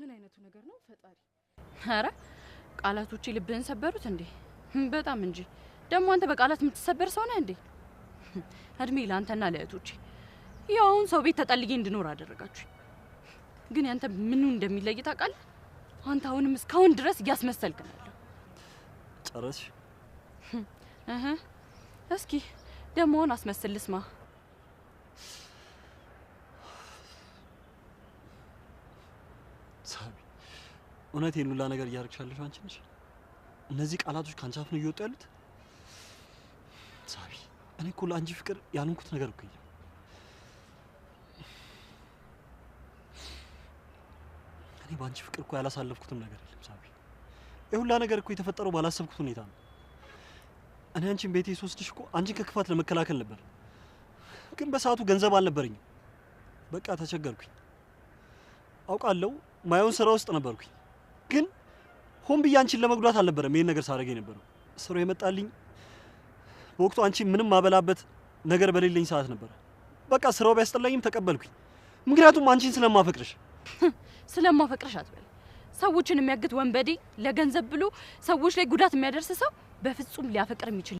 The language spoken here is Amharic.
ምን አይነቱ ነገር ነው ፈጣሪ! አረ ቃላቶች ልብህን ሰበሩት እንዴ? በጣም እንጂ። ደግሞ አንተ በቃላት የምትሰበር ሰው ነህ እንዴ? እድሜ ለአንተና ለእህቶቼ። ያው ሰው ቤት ተጠልጌ እንድኖር አደረጋችሁ። ግን ያንተ ምኑ እንደሚለይ ታውቃለህ? አንተ አሁንም እስካሁን ድረስ እያስመሰልክ ነው ያለው። ጨረስሽ? እስኪ ደሞውን አስመስል ልስማ። እውነት እውነቴን ሁላ ነገር እያደረግሻለሽ አንቺ ነሽ። እነዚህ ቃላቶች ከአንቺ አፍ ነው እየወጡ ያሉት። ሳቢ፣ እኔ እኮ ለአንቺ ፍቅር ያልንኩት ነገር እኮ የለም። እኔ በአንቺ ፍቅር እኮ ያላሳለፍኩትም ነገር የለም ሳሚ። የሁላ ነገር እኮ የተፈጠረው ባላሰብኩት ሁኔታ ነው። እኔ አንቺን ቤቴ ስወስድሽ እኮ አንቺን ከክፋት ለመከላከል ነበር፣ ግን በሰዓቱ ገንዘብ አልነበረኝም። በቃ ተቸገርኩኝ አውቃለሁ። ማየውን ስራ ውስጥ ነበርኩኝ። ግን ሆን ብዬ አንቺን ለመጉዳት አልነበረም ይህን ነገር ሳደርግ የነበረው። ስራው የመጣልኝ በወቅቱ አንቺ ምንም ማበላበት ነገር በሌለኝ ሰዓት ነበረ። በቃ ስራው ቢያስጠላኝም ተቀበልኩኝ፣ ምክንያቱም አንቺን ስለማፈቅርሽ። ስለማፈቅርሽ አትበል። ሰዎችን የሚያግት ወንበዴ፣ ለገንዘብ ብሎ ሰዎች ላይ ጉዳት የሚያደርስ ሰው በፍጹም ሊያፈቅር የሚችል